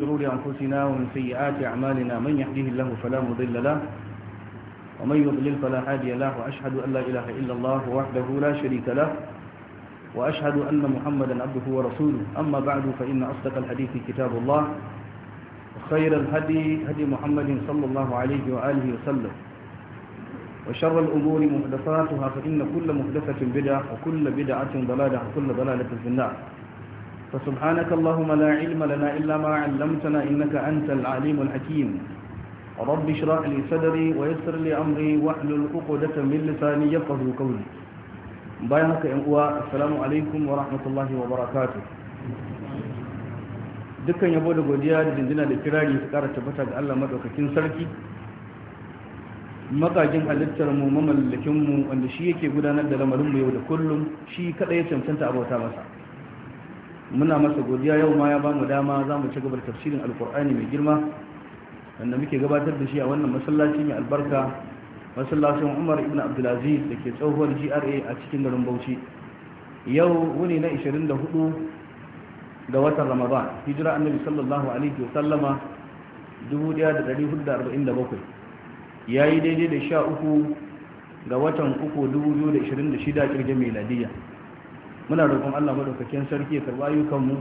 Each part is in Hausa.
شرور أنفسنا ومن سيئات أعمالنا من يهده الله فلا مضل له ومن يضلل فلا هادي له وأشهد أن لا إله إلا الله وحده لا شريك له وأشهد أن محمدا عبده ورسوله أما بعد فإن أصدق الحديث كتاب الله وخير الهدي هدي محمد صلى الله عليه وآله وسلم وشر الأمور محدثاتها فإن كل محدثة بدعة وكل بدعة ضلالة وكل ضلالة في النار فسبحانك اللهم لا علم لنا إلا ما علمتنا إنك أنت العليم الحكيم رب اشرح لي صدري ويسر لي أمري واحلل عقدة من لساني يفقه قولي بيانك يا alaikum wa ورحمة wa وبركاته dukkan yabo da godiya da jinjina da kirari su kara tabbata ga Allah madaukakin sarki makajin halittar mu mamallakin mu wanda shi yake gudanar da lamarin mu yau da kullum shi kada ya cancanta abota masa muna masa godiya yau ma ya ba mu dama za mu ci gaba da tafsirin alkur'ani mai girma wanda muke gabatar da shi a wannan masallaci mai albarka masallacin umar ibn abdulaziz da ke tsohuwar gra a cikin garin bauchi yau wuni na 24 ga watan ramadan hijira annabi sallallahu alaihi wa sallama 1447 yayi daidai da 13 ga watan 3 2026 kirgin miladiyya muna roƙon Allah madaukakin sarki ya karɓa ayyukan mu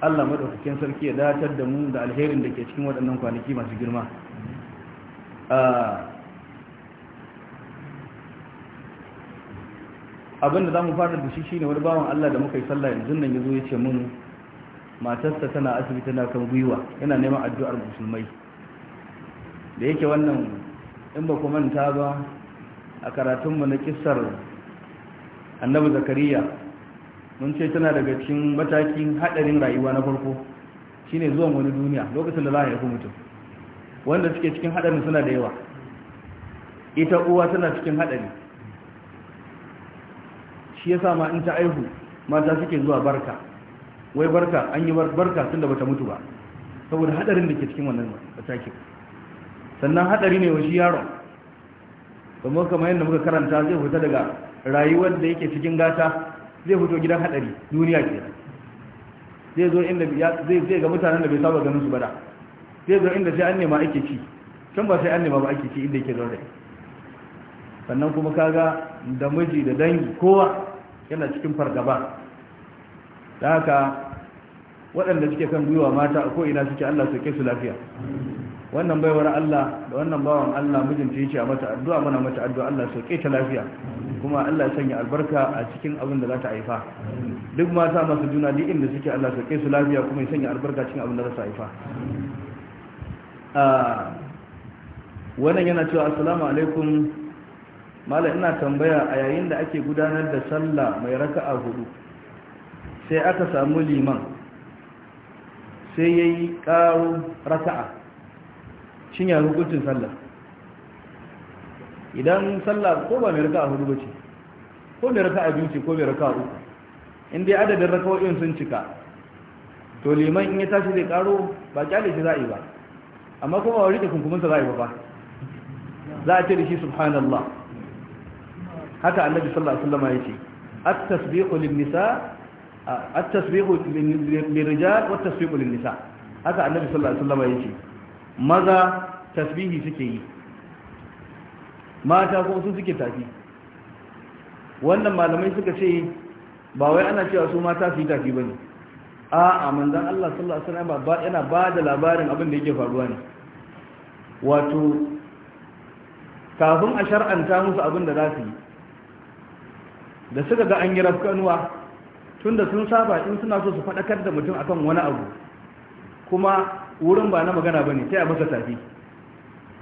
Allah madaukakin sarki ya datar da mu da alherin da ke cikin waɗannan kwanaki masu girma abinda za mu fara da shi ne wani bawan Allah da muka yi sallah yanzu nan yazo ya ce mun matarsa tana asibiti na kan gwiwa yana neman addu'ar musulmai da yake wannan in ba ku manta ba a karatunmu na kissar annabi zakariya mun ce tana daga cikin matakin hadarin rayuwa na farko shine zuwan wani duniya lokacin da za a haifi mutum wanda suke cikin hadarin suna da yawa ita uwa tana cikin hadari shi yasa ma in ta aihu mata suke zuwa barka wai barka an yi barka tun da bata mutu ba saboda hadarin da ke cikin wannan matakin sannan hadari ne wa shi yaron kamar kamar yadda muka karanta zai fita daga rayuwar da yake cikin gata zai fito gidan hadari duniya ke zai zo inda zai zai ga mutanen da bai saba ganin su ba da zai zo inda sai an nema ake ci can ba sai an nema ba ake ci inda yake zo da sannan kuma kaga da miji da dangi kowa yana cikin fargaba da haka waɗanda suke kan gwiwa mata ko ina suke Allah sauke su lafiya wannan baiwar Allah da wannan bawan Allah mijinta yace a mata addu'a muna mata addu'a Allah sauke ta lafiya kuma Allah ya sanya albarka a cikin abin da za ta haifa duk mata masu juna duk inda suke Allah sauke su lafiya kuma ya sanya albarka cikin abin da za ta haifa ah, wannan yana cewa assalamu alaikum mala ina tambaya a yayin da ake gudanar da sallah mai raka'a hudu sai aka samu liman sai yayi karo raka'a shin ya hukuncin sallah idan sallah ko ba mai raka a hudu ba ce ko mai raka a biyu ce ko mai raka a uku in dai adadin raka'o'in sun cika to liman in ya tashi zai karo ba kyale shi za'i ba amma kuma wa rike sa za'i ba ba za a ce da shi subhanallah haka annabi sallallahu alaihi wasallam yace at-tasbihu lin-nisa at-tasbihu lin rijal at tasbihu lin-nisa haka annabi sallallahu alaihi wasallam yace maza tasbihi suke yi mata kuma su suke tafi wannan malamai suka ce ba wai ana cewa su mata su yi tafi ba ne a a manzan Allah sallallahu Alaihi wasallam yana ba da labarin abin da yake faruwa ne wato kafin a shar'anta musu abin da za su yi da suka ga an yi rafkanuwa Tunda sun saba in suna so su faɗakar da mutum akan wani abu kuma wurin ba na magana ba ne sai a masa tafi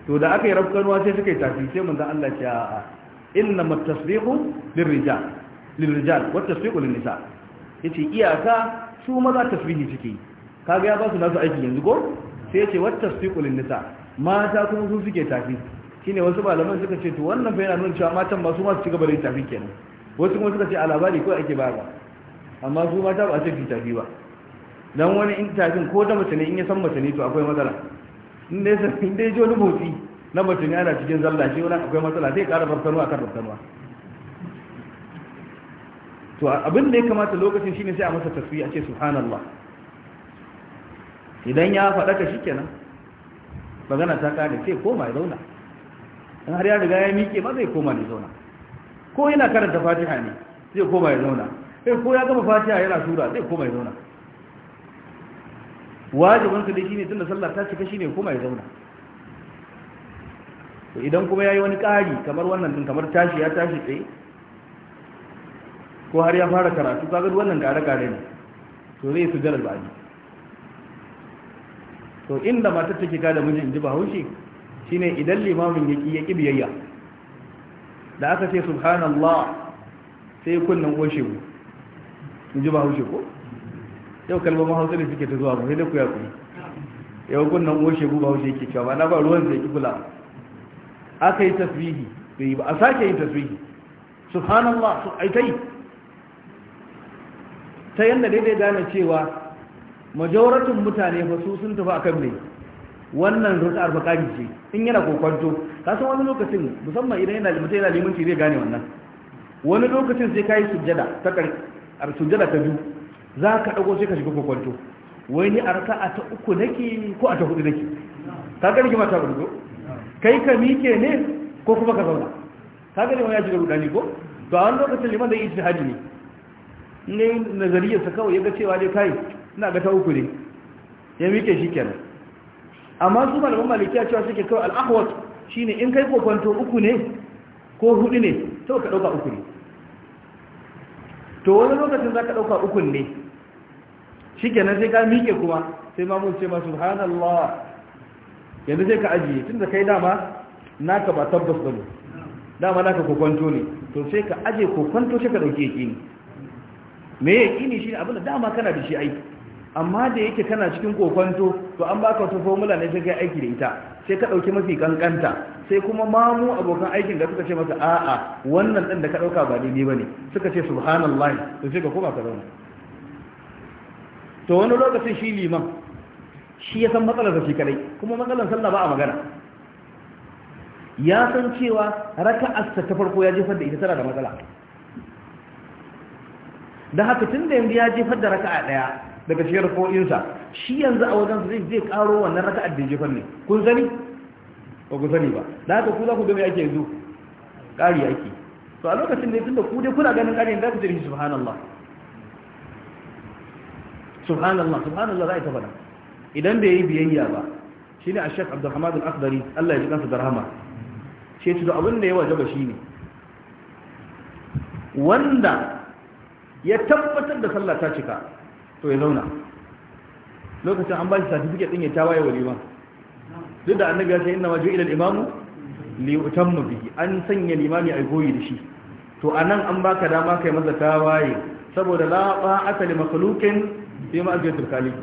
to da aka yi rafkanuwa sai suka yi tafi sai mun zan Allah ce a inna matasbihu lirrijal lirrijal wa tasbihu Ya yace iyaka su maza tasbihi suke kaga ya ba su nasu aiki yanzu ko sai yace wa tasbihu linnisa mata kuma su suke tafi shine wasu malaman suka ce to wannan fa yana nuna cewa matan ba su ma su gaba da tafi kenan wasu kuma suka ce a labari ko ake ba ba amma su mata ba su tafi ba don wani intafin ko da mutane in ya san mutane to akwai matsala in dai in dai jo motsi na mutane ana cikin zalla shi wani akwai matsala sai ƙara a kan barkarwa to abin da ya kamata lokacin shine sai a masa tasbihi a ce subhanallah idan ya faɗa ka shikenan magana ta kare sai koma ya zauna in har ya riga ya miƙe ma zai koma ne zauna ko yana karanta fatiha ne zai koma ya zauna sai ko ya gama fatiha yana sura zai koma ya zauna wajibin su dai shine tunda sallah ta cika shine kuma ya zauna to idan kuma yayi wani ƙari kamar wannan din kamar tashi ya tashi tsaye ko har ya fara karatu kaga wannan ƙare gare ne to zai su jalal baji to inda mata take ga da mijin ji bahaushe shine idan limamin yaki ya ki biyayya da aka ce subhanallah sai kunnan goshe mu in ji bahaushe ko yau kalmomin hausa ne suke ta zuwa ba, sai ku ya kuma yau kunnan goshe guba oshe yake cewa ba na ba ruwan zai ki kula aka yi tasbihi da yi ba a sake yin tasbihi ba su aikai ta dai daidai gane cewa majauratun mutane ba su sun tafi kan mai wannan arba kaji ce in yana kokwanto ka san wani lokacin musamman idan yana mutum yana limanci zai gane wannan wani lokacin sai yi sujada, ta kar sujjada ta biyu za ka ɗago sai ka shiga kwakwanto wai ni a rasa a ta uku nake ko a ta hudu nake ka gani kima ta rudo kai ka mike ne ko kuma ka zauna ka gani wani ya shiga rudani ko to a wani lokacin liman da yi hajji ne ne sa kawai ya ga cewa dai kai ina ga ta uku ne ya mike shi kenan amma su malaman ya cewa suke kawai al'ahwat shine in kai kokwanto uku ne ko hudu ne to ka ɗauka uku ne to wani lokacin za ka ɗauka ukun ne shi kenan sai ka miƙe kuma sai ma mun ce ma subhanallah yanzu sai ka ajiye tun da kai dama naka ba tabbas ba ne dama naka kokwanto ne to sai ka ajiye kokwanto shi ka ɗauki ne. me yaƙini shi ne abin da dama kana da shi aiki amma da yake kana cikin kokwanto to an baka wata formula ne sai kai aiki da ita sai ka ɗauki mafi kankanta sai kuma mamu abokan aikin da suka ce masa a'a wannan ɗin da ka ɗauka ba daidai ba ne suka ce subhanallah to sai ka koma ka zauna to wani lokacin shi liman shi ya san da shi kadai kuma matsalar sallah ba a magana ya san cewa raka'arsa ta farko ya jefar da ita tana da matsala da haka tun da yanzu ya jefar da raka'a daya daga cikin ko'insa. shi yanzu a wajen zai zai karo wannan raka'ar da jefan ne kun sani ba ku sani ba da haka ku za ku ga me ake yanzu ƙari ake to a lokacin da tunda ku dai kuna ganin ƙari da ku tarihi subhanallah subhanallah subhanallah za a yi ta idan bai yi biyayya ba shine a shek abdulhamad al-akhdari Allah ya ji kansa da rahama ce su da abin da ya wajaba ne. wanda ya tabbatar da sallah ta cika to ya zauna lokacin an ba shi certificate din ya tawaye wa liman duk da annabi ya ce inna waju ila al-imam li utamma bihi an sanya limami ai goyi da shi to anan an baka dama kai masa tawaye saboda la aka li makhluqin bi ma'siyatil khaliq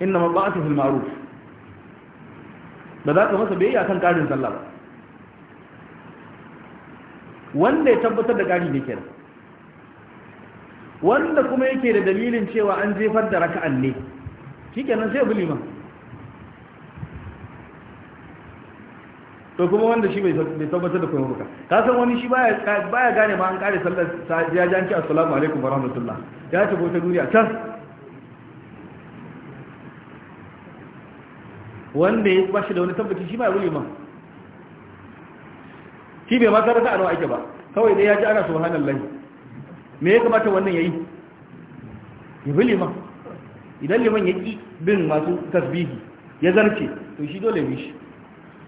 inna mabatu fil ma'ruf Da za ka masa biyayya kan karin sallah wanda ya tabbatar da gari ne kenan wanda kuma yake da dalilin cewa an jefar da raka'an ne shikenan sai abu liman to kuma wanda shi bai tabbatar da kuma ruka ta san wani shi baya gane ma an kare sallar ya janki assalamu alaikum wa rahmatullah ya ko ta duniya can wanda ya bashi da wani tabbaci shi baya wuli ma shi bai ma tabbata a nawa ake ba kawai dai ya ji ana subhanallahi me ya kamata wannan ya yi? ya bi liman idan liman ya ƙi bin masu tasbihi ya zarce to shi dole bi shi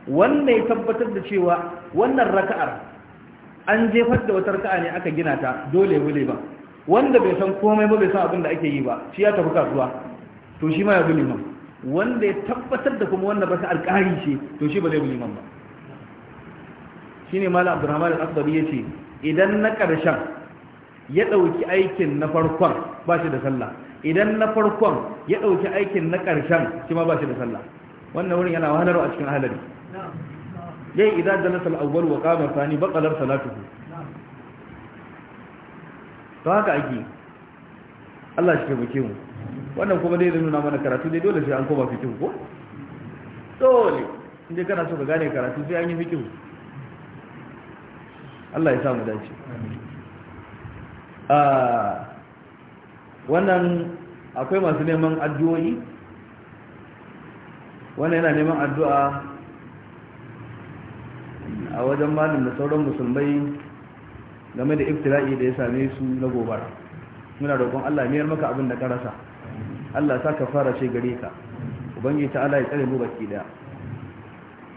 wannan ya tabbatar da cewa wannan raka'ar an jefar da wata raka'a ne aka gina ta dole bi liman. wanda bai san komai ba bai san abin da ake yi ba shi ya tafi kasuwa to shi ma ya bi liman wanda ya tabbatar da kuma wannan baka alƙari ce to shi ba zai bi liman ba shine malam abdurrahman al-asbari yace idan na ƙarshen ya ɗauki aikin na farkon ba shi da sallah idan na farkon ya ɗauki aikin na ƙarshen shi ma ba shi da sallah wannan wurin yana wahalarwa a cikin ahalari yai idan jalasa al'awwal wa qama thani salatu salatuhu to haka ake Allah shi taimake mu wannan kuma dai zai nuna mana karatu dai dole sai an koma fikihu ko dole inda kana so ka gane karatu sai an yi fikihu Allah ya samu dace amin wannan akwai masu neman addu'o'i wannan yana neman addu'a a wajen malin da sauran musulmai game da iftila'i da ya same su na gobara muna roƙon Allah miyar maka abin da ka rasa Allah sa ka fara ce gare ka ubangiji ta Allah ya tsare mu baki daya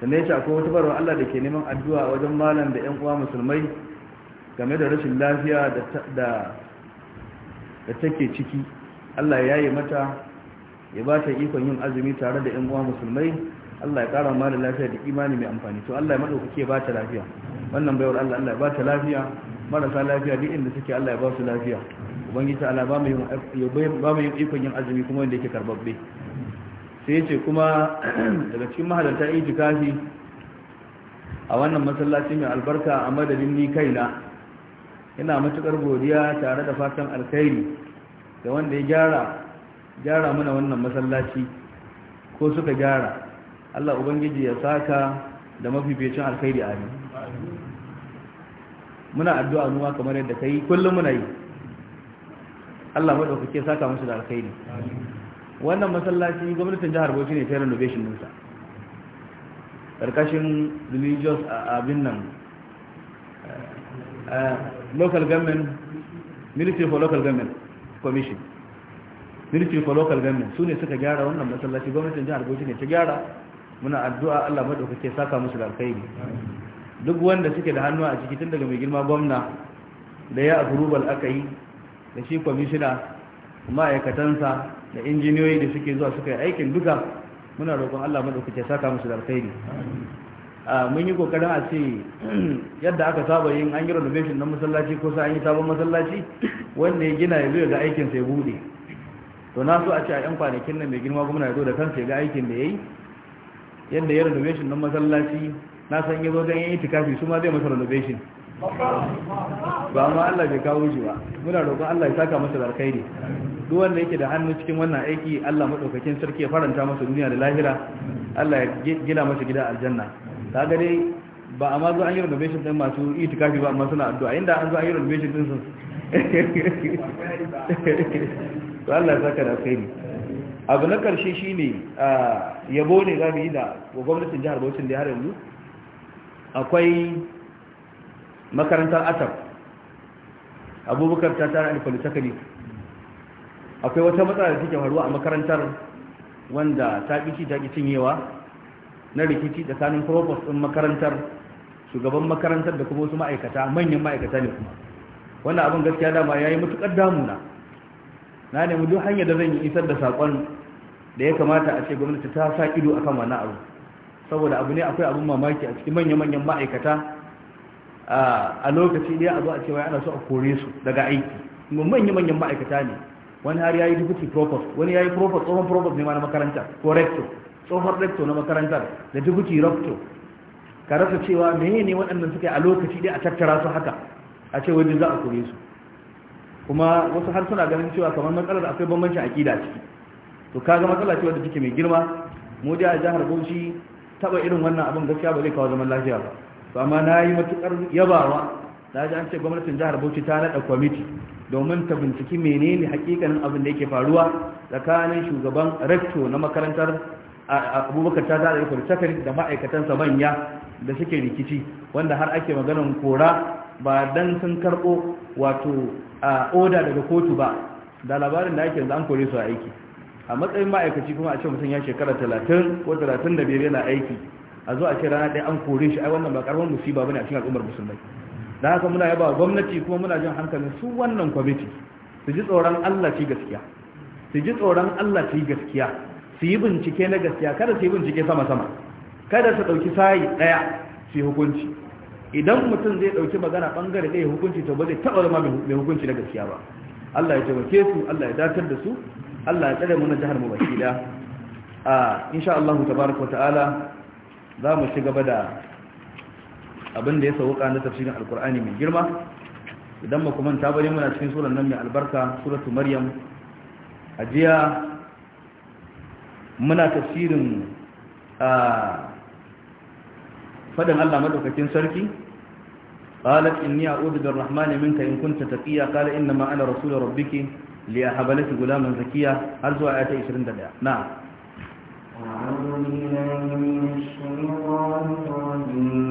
sannan ya ce akwai wata barwa Allah da ke neman addu'a wajen malam da 'yan uwa musulmai game da rashin lafiya da take ciki Allah ya yi mata ya ba ta ikon yin azumi tare da 'yan uwa musulmai Allah ya ƙara mara lafiya da imani mai amfani to Allah ya ke ba ta lafiya wannan baiwar Allah Allah ya ba ta lafiya marasa lafiya duk inda suke Allah ya ba su lafiya ubangiji Allah ba mu yin ikon yin azumi kuma wanda yake karbabbe sai ya ce kuma daga cikin mahalarta itikafi a wannan masallaci mai albarka a madadin ni kaina ina matukar godiya tare da fatan alkhairi da wanda ya gyara gyara mana wannan masallaci ko suka gyara Allah ubangiji ya saka da mafificin alkhairi a muna addu'a nuwa kamar yadda kai kullum muna yi Allah madaukake saka musu da alkhairi wannan masallaci gwamnatin jihar Bauchi ne ta renovation ɗinsa karkashin religious abin nan local government ministry for local government commission ministry for local government su ne suka gyara wannan masallaci gwamnatin jihar bauchi ne ta gyara muna addu'a Allah madaukake saka musu da alkhairi duk wanda suke da hannu a ciki tun daga mai girma gwamna da ya approval aka yi da shi commissioner ma'aikatansa da injiniyoyi da suke zuwa suka yi aikin duka muna roƙon Allah madaukake saka musu da alkhairi mun yi kokarin a ce yadda aka saba yin an yi renovation na masallaci ko sai an yi sabon masallaci wanda ya gina ya zo ga aikin sai bude to na so a ce a yan kwanakin nan mai girma gwamna ya zo da kansa ya ga aikin da yayi yadda ya renovation na masallaci na san ya zo don yin itikafi su ma zai masa renovation ba ma Allah bai kawo shi ba muna roƙon Allah ya saka masa zarkai ne duk wanda yake da hannu cikin wannan aiki Allah madaukakin sarki ya faranta masa duniya da lahira Allah ya gina masa gida aljanna kaga dai ba a mazu an yi renovation din masu itikafi ba amma suna addu'a inda an zo an yi renovation din sun to Allah ya saka da abu na karshe shine yabo ne za mu yi da gwamnatin jihar Bauchi da har yanzu akwai makarantar atar, Abubakar ta tara da polytechnic akwai wata matsala da take faruwa a makarantar wanda ta ƙi ta ƙi cinyewa na rikici tsakanin profos ɗin makarantar shugaban makarantar da kuma wasu ma'aikata manyan ma'aikata ne kuma wannan abin gaskiya dama ya yi matuƙar damuna na nemi duk hanyar da zan yi isar da saƙon da ya kamata a ce gwamnati ta sa ido akan wannan abu saboda abu ne akwai abin mamaki a cikin manya-manyan ma'aikata a lokaci ɗaya a zo a cewa ana so a kore su daga aiki manya-manyan ma'aikata ne wani har ya yi deputy propos wani ya yi propos tsohon propos ne ma na makaranta ko rector tsohon rector na makarantar da dubuti rektor ka rasa cewa meye ne waɗannan suka yi a lokaci dai a tattara su haka a ce wajen za a kore su kuma wasu har suna ganin cewa kamar matsalar akwai bambancin akida ciki to kaga matsala ce wadda take mai girma mu a jihar Bauchi taba irin wannan abin gaskiya ba zai kawo zaman lafiya ba to amma na yi matukar yabawa na ji an ce gwamnatin jihar Bauchi ta naɗa kwamiti domin ta binciki menene hakikanin abin da yake faruwa tsakanin shugaban rector na makarantar abubakar ta zara ikon sakari da ma'aikatansa manya da suke rikici wanda har ake maganan kora ba dan sun karɓo wato a oda daga kotu ba da labarin da ake an kore su a aiki a matsayin ma'aikaci kuma a ce mutum ya shekara talatin ko talatin da biyar yana aiki a zo a ce rana ɗaya an kore shi ai wannan ba karamin musiba bane a cikin al'ummar musulmai da haka muna yaba gwamnati kuma muna jin hankalin su wannan kwamiti su ji tsoron Allah ci gaskiya su ji tsoron Allah ci gaskiya su yi bincike na gaskiya kada su yi bincike sama-sama kada su ɗauki sayi ɗaya su yi hukunci idan mutum zai ɗauki magana ɓangare ɗaya hukunci to ba zai taɓa zama mai hukunci na gaskiya ba Allah ya taimake su Allah ya dakar da su Allah ya tsare mu na jihar mu baki da a insha Allah tabaraka ta'ala za mu ci gaba da abin da ya sauka na tafsirin alkur'ani mai girma idan ba kuma ta bari muna cikin suran nan mai albarka suratu maryam ajiya muna tafsirin fadin Allah maɗaukacin sarki qalat inni a'udhu birrahmani minka in kunta taqiya qala inna ma ana rasul rabbiki li ahablati gulaman zakiya har zuwa ayat 21 na'am a'udhu min shaytanir rajim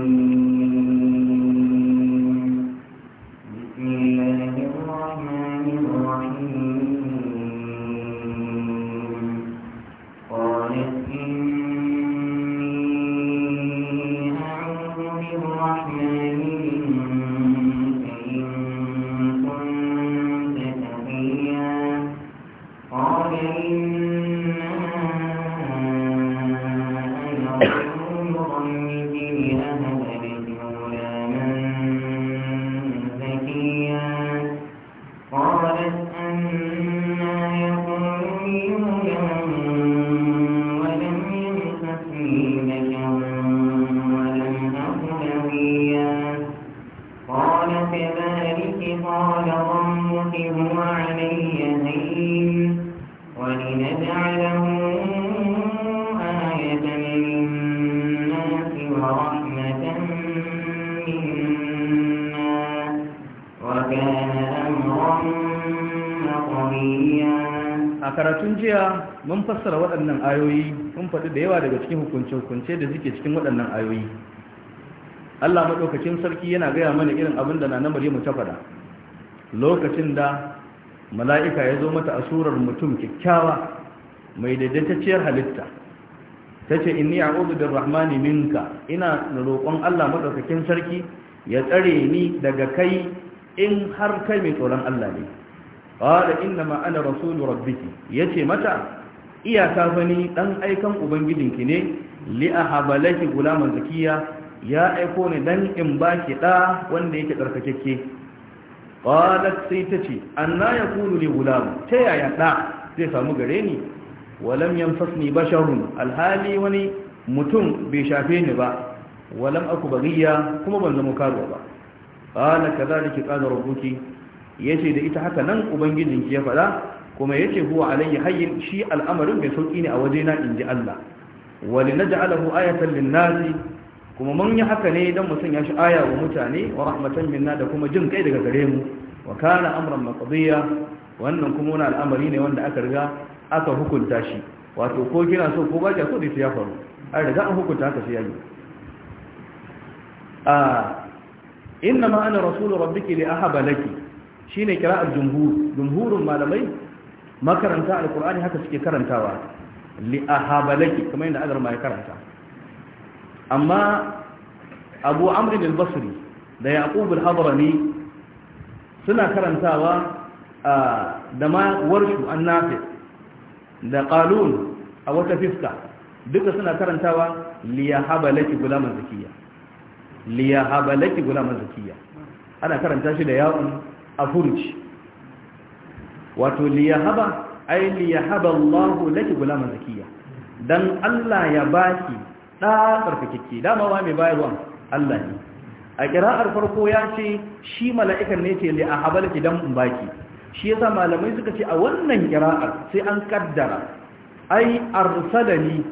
mun fassara waɗannan ayoyi mun faɗi da yawa daga cikin hukunce-hukunce da suke cikin waɗannan ayoyi Allah maɗaukacin sarki yana gaya mana irin abin da na na mu ta faɗa lokacin da mala'ika ya zo mata asurar mutum kyakkyawa mai daidaitacciyar halitta ta ce inni a'udhu birrahmani minka ina roƙon Allah maɗaukakin sarki ya tsare ni daga kai in har kai mai tsoron Allah ne qala inna ma ana rasulu rabbiki yace mata iyaka gani dan aikan ki ne li ahabalaki gulaman zakiya ya aiko ne dan in ba baki da wanda yake tsarkakekke qalat sai tace anna yakunu li gulam ta yaya da zai samu gare ni walam yanfasni basharun alhali wani mutum bai shafe ni ba walam aku bagiya kuma ban zama karuwa ba qala kadhalika qala rabbuki yace da ita haka nan ubangijinki ya fada kuma yace huwa alayhi hayyin shi al'amarin bai sauki ne a wajena ji Allah wani wali naj'alahu ayatan lin-nasi kuma mun yi haka ne don mu sanya shi aya wa mutane wa rahmatan minna da kuma jin kai daga gare mu wa kana amran maqdiya wannan kuma wani al'amari ne wanda aka riga aka hukunta shi wato ko kina so ko ba ki so dai ya faru an riga an hukunta haka sai yayi a inna ma ana rasulu rabbiki li ahaba laki shine kira'ar jumhur jumhurun malamai makaranta alkur'ani haka suke karantawa li ahabalaki kamar yadda azar ma ya karanta amma abu amrin al-basri da yaqub al suna karantawa da ma warshu annafi da qalun a wata fiska duka suna karantawa li ahabalaki gulaman zakiya li ahabalaki gulaman zakiya ana karanta shi da ya'un a furuci wato liyahaba ay liyahaba Allahu laki gulama zakiya dan Allah ya baki da tsarkakeke dama ba mai bayarwa Allah ne a kira'ar farko ya ce shi mala'ikan ne ce li'ahabal ki dan baki shi yasa malamai suka ce a wannan kira'ar sai an kaddara ai arsalani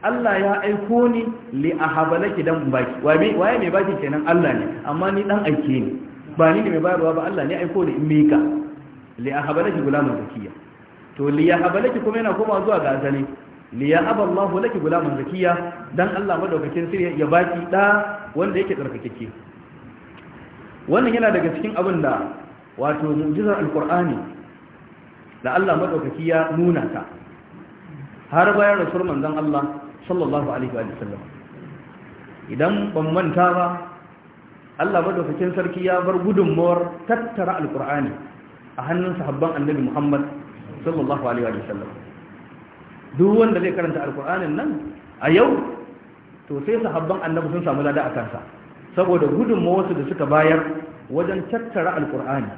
Allah ya aiko ni li'ahabalaki dan baki waye waye mai baki kenan Allah ne amma ni dan aike ne. ba ni ne mai bayarwa ba Allah ne aiko ni in mika li ahabalaki gulaman zakiya to li ahabalaki kuma yana koma zuwa ga asali li yahaba Allahu laki gulaman zakiya dan Allah madaukakin sirri ya baki da wanda yake tsarkakeke wannan yana daga cikin abin da wato mu'jizar alqur'ani da Allah madaukaki ya nuna ta har bayan rasul manzon Allah sallallahu alaihi wa sallam idan ban manta ba Allah madaukakin sarki ya bar gudunmuwar tattara alqur'ani a hannun sahabban annabi Muhammad sallallahu alaihi wa sallam duk wanda zai karanta alqur'anin nan a yau to sai sahabban annabi sun samu lada a kansa saboda wasu da suka bayar wajen tattara alqur'ani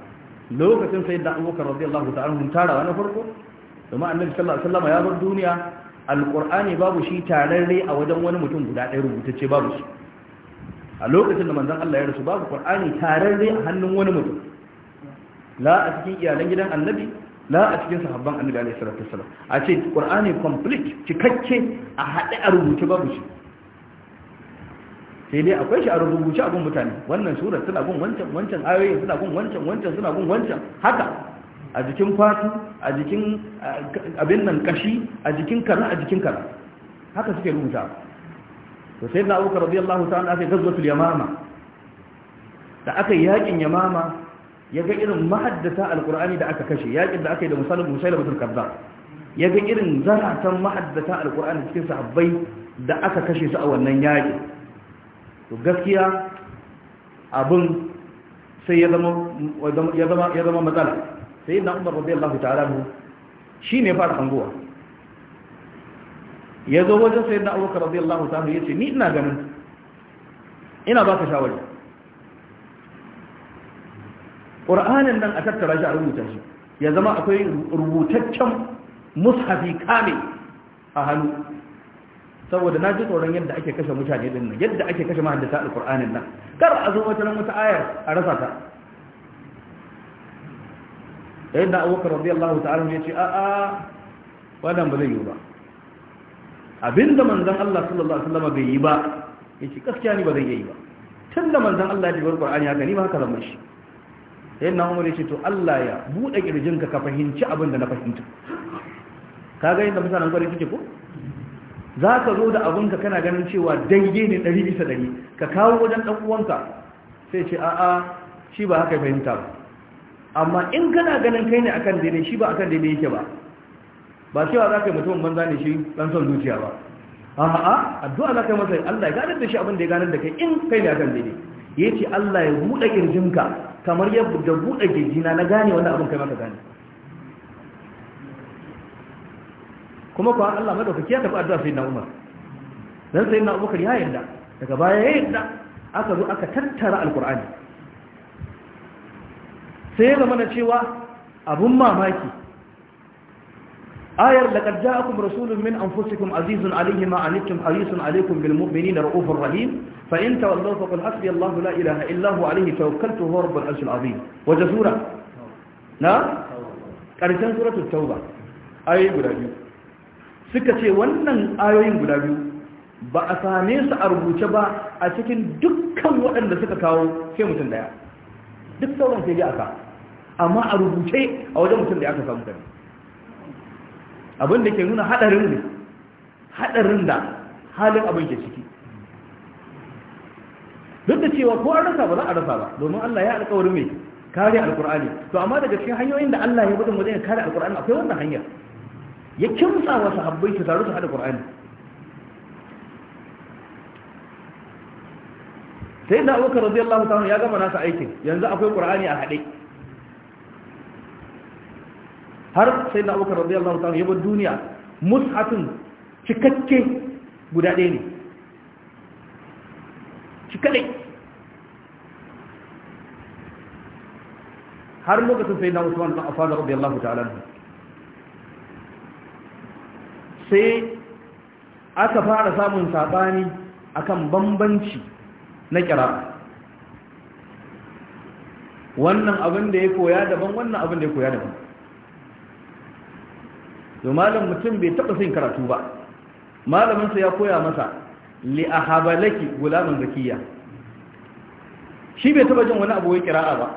lokacin sayyidina Abubakar radiyallahu ta'ala mun tara na farko kuma annabi sallallahu alaihi wasallam ya bar duniya alqur'ani babu shi tararre a wajen wani mutum guda ɗaya rubutacce babu shi a lokacin da manzon Allah ya rasu babu qur'ani tararre a hannun wani mutum la a cikin iyalan gidan annabi la a cikin sahabban annabi alaihi salatu wasallam a ce qur'ani complete cikakke a hade a rubuce babu shi sai dai akwai shi a rubuce abun mutane wannan sura suna gun wancan wancan ayoyin suna gun wancan wancan suna gun wancan haka a jikin fatu a jikin abin nan kashi a jikin kaza a jikin kaza haka suke rubuta to sai na abubakar radiyallahu ta'ala aka gazwatul yamama da aka yi yakin yamama ya ga irin mahaddata alkur'ani da aka kashe yaƙin da aka yi da musalin musaila mutum kaza ya ga irin zaratan mahaddata alkur'ani cikin sahabbai da aka kashe su a wannan yakin to gaskiya abin sai ya zama matsala sai na umar rabbi allahu ta'ala mu shi ne fara hanguwa ya zo wajen sai na abubakar rabbi allahu ta'ala ya ce ni ina ganin ina ba ka shawari ƙur'anin nan a tattara shi a rubuta shi ya zama akwai rubutaccen mushafi kame a hannu saboda na ji tsoron yadda ake kashe mutane din nan yadda ake kashe mahaddata alƙur'anin nan kar a zo wata nan wata ayar a rasa ta yayin da abubakar radiyallahu ta'ala ya ce a'a a wannan ba zai yi ba abinda manzan Allah sallallahu alaihi wasallam bai yi ba yace gaskiya ni ba zai yi ba tunda manzan Allah ya ji Qur'ani haka ni ba haka zan shi sai na umar ya ce to Allah ya buɗe ƙirjinka ka fahimci abin da na fahimta ka ga yadda mutanen kwarai suke ko za ka zo da abinka kana ganin cewa daidai ne ɗari bisa ɗari ka kawo wajen ɗan uwanka sai ce a'a shi ba haka fahimta ba amma in kana ganin kai ne akan daidai shi ba akan daidai yake ba ba cewa za ka yi mutumin banza ne shi ɗan son zuciya ba a'a addu'a za ka yi masa Allah ya ganar da shi abin da ya ganar da kai in kai ne akan daidai ya ce Allah ya buɗe ƙirjinka kamar da buɗe gejina na gane wanda abin kai maka gane kuma kuwa Allah ɗaukaki ya tafi addu'a sai na Umar dan sai na Abubakar ya yarda daga baya ya yarda aka zo aka tattara alkur'ani sai ya zama na cewa abin mamaki ayar laqad ja'akum rasulun min anfusikum azizun alayhi ma anittum harisun alaykum bil mu'minina ra'ufur rahim fa in tawallaw faqul hasbi allah la ilaha illa huwa alayhi tawakkaltu huwa rabbul arshil azim wata sura na karshen suratul tauba ayoyi guda biyu suka ce wannan ayoyin guda biyu ba a same su a rubuce ba a cikin dukkan waɗanda suka kawo sai mutum daya duk sauran sai ji aka amma a rubuce a wajen mutum da aka samu tare abin da ke nuna hadarin ne hadarin da halin abin ke ciki duk da cewa ko an rasa ba za a rasa ba domin Allah ya alƙawari mai kare alƙur'ani to amma daga cikin hanyoyin da Allah ya gudun wajen kare alƙur'ani akwai wannan hanya ya kimsa wasu habbai su taru su hada ƙur'ani sai da abokan radiyallahu ta'ala ya gama nasa aikin yanzu akwai ƙur'ani a haɗe har sai na abokan radiyallahu ta'ala ya bar duniya mus'atun cikakke guda ɗaya ne cikakke. har lokacin sai na usman da afada Allah ta'ala sai aka fara samun saɓani akan bambanci na kira wannan abin da ya koya daban wannan abin da ya koya daban to malam mutum bai taba son karatu ba malamin sa ya koya masa li ahabalaki gulamin zakiya shi bai taba jin wani abu wai kira'a ba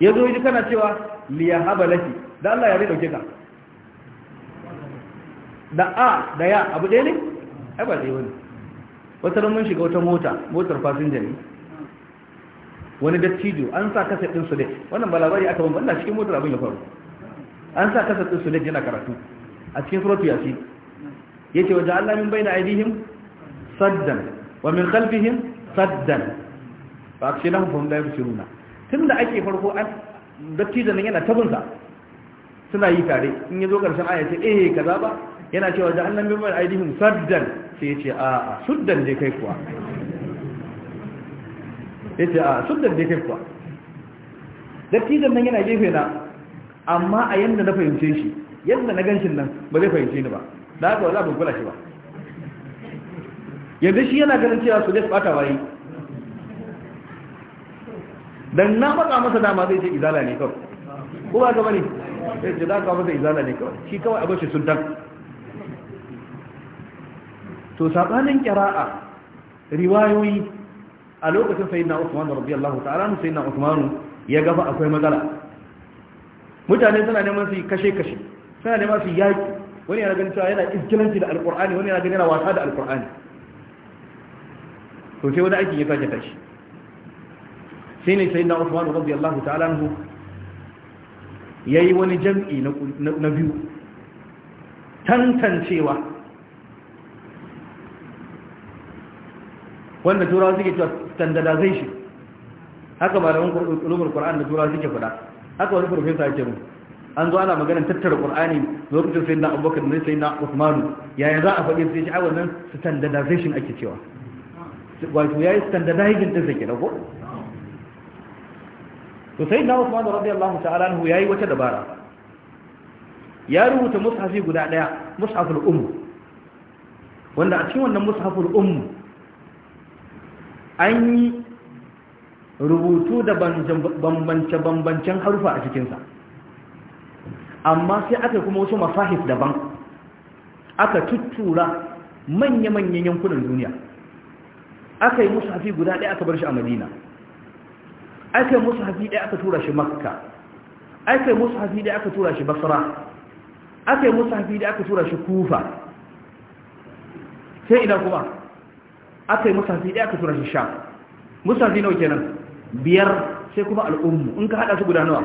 yazo yi kana cewa li ahabalaki da Allah ya rike ka da a da ya abu ɗaya ne ai ba ɗaya wani wata mun shiga wata mota motar fasinja ne wani dattijo an sa kasa ɗin su dai wannan ba labari aka ban banda cikin motar abin ya faru an sa kasa su yana karatu a cikin suratu Ya yace wajen Allah min bayna aidihim saddan wa min khalfihim saddan fa akshilahum fa hum la yubsiruna tunda ake farko an dattijan yana tabunsa suna yi tare in yazo karshen aya ce eh kaza ba yana cewa wajen Allah min bayna aidihim saddan sai yace a suddan je kai kuwa yace a suddan je kai kuwa dattijan nan yana gefe na amma a yanda na fahimce shi yanda na ganshin nan ba zai fahimce ni ba da haka za ban kula shi ba yanzu shi yana ganin cewa su zai bata waye dan na matsa masa dama zai ce izala ne kawai ko ba ga bane sai ce za ka masa izala ne kawai shi kawai sun sundan to sabanin qira'a riwayoyi a lokacin sayyidina Usman radiyallahu ta'ala sayyidina Usman ya gaba akwai matsala mutane suna neman su kashe kashe suna neman su yaki wani yana ganin cewa yana iskilanci da alqur'ani wani yana ganin yana wasa da alqur'ani to sai wani aikin ya sake tashi sai ne sayyidina Uthman radiyallahu ta'ala ya yi wani jam'i na biyu tantancewa wanda turawa suke cewa standardization haka malaman ulumul qur'an da turawa suke faɗa haka wani farfesa ake mu an zo ana maganar tattara qur'ani lokacin sayyidina abubakar ne sayyidina usman yaya za a faɗi sai shi a wannan standardization ake cewa wato yayi standardizing din sai kenan ko to sayyidina usman radiyallahu ta'ala anhu yayi wata dabara ya rubuta mushafi guda daya mushaful umm wanda a cikin wannan mushaful umm an yi rubutu da bambance-bambancen harufa a cikinsa amma sai aka kuma wasu masahif daban aka tuttura manya-manyan yankunan duniya aka yi musu hafi guda ɗaya aka bar shi a madina aka yi musu hafi ɗaya aka tura shi makka aka yi musu hafi ɗaya aka tura shi basra aka yi musu hafi ɗaya aka tura shi kufa sai ina kuma aka yi musu hafi ɗaya aka tura shi sha musu hafi nau kenan biyar sai kuma al'ummu in ka hada su guda nawa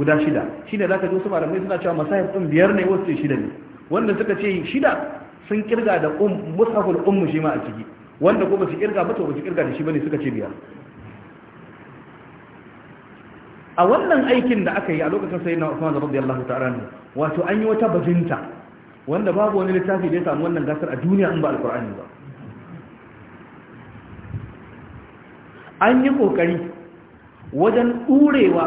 guda shida shine zaka ji su mai suna cewa masahib din biyar ne wasu shida ne wanda suka ce shida sun kirga da um mushaful ummu shi ma a ciki wanda ko ba su kirga ba to ba su kirga da shi bane suka ce biyar a wannan aikin da aka yi a lokacin na Usman radiyallahu ta'ala ne wato an yi wata bajinta wanda babu wani littafi da ya samu wannan gasar a duniya in ba alqur'ani ba an yi kokari wajen ɗurewa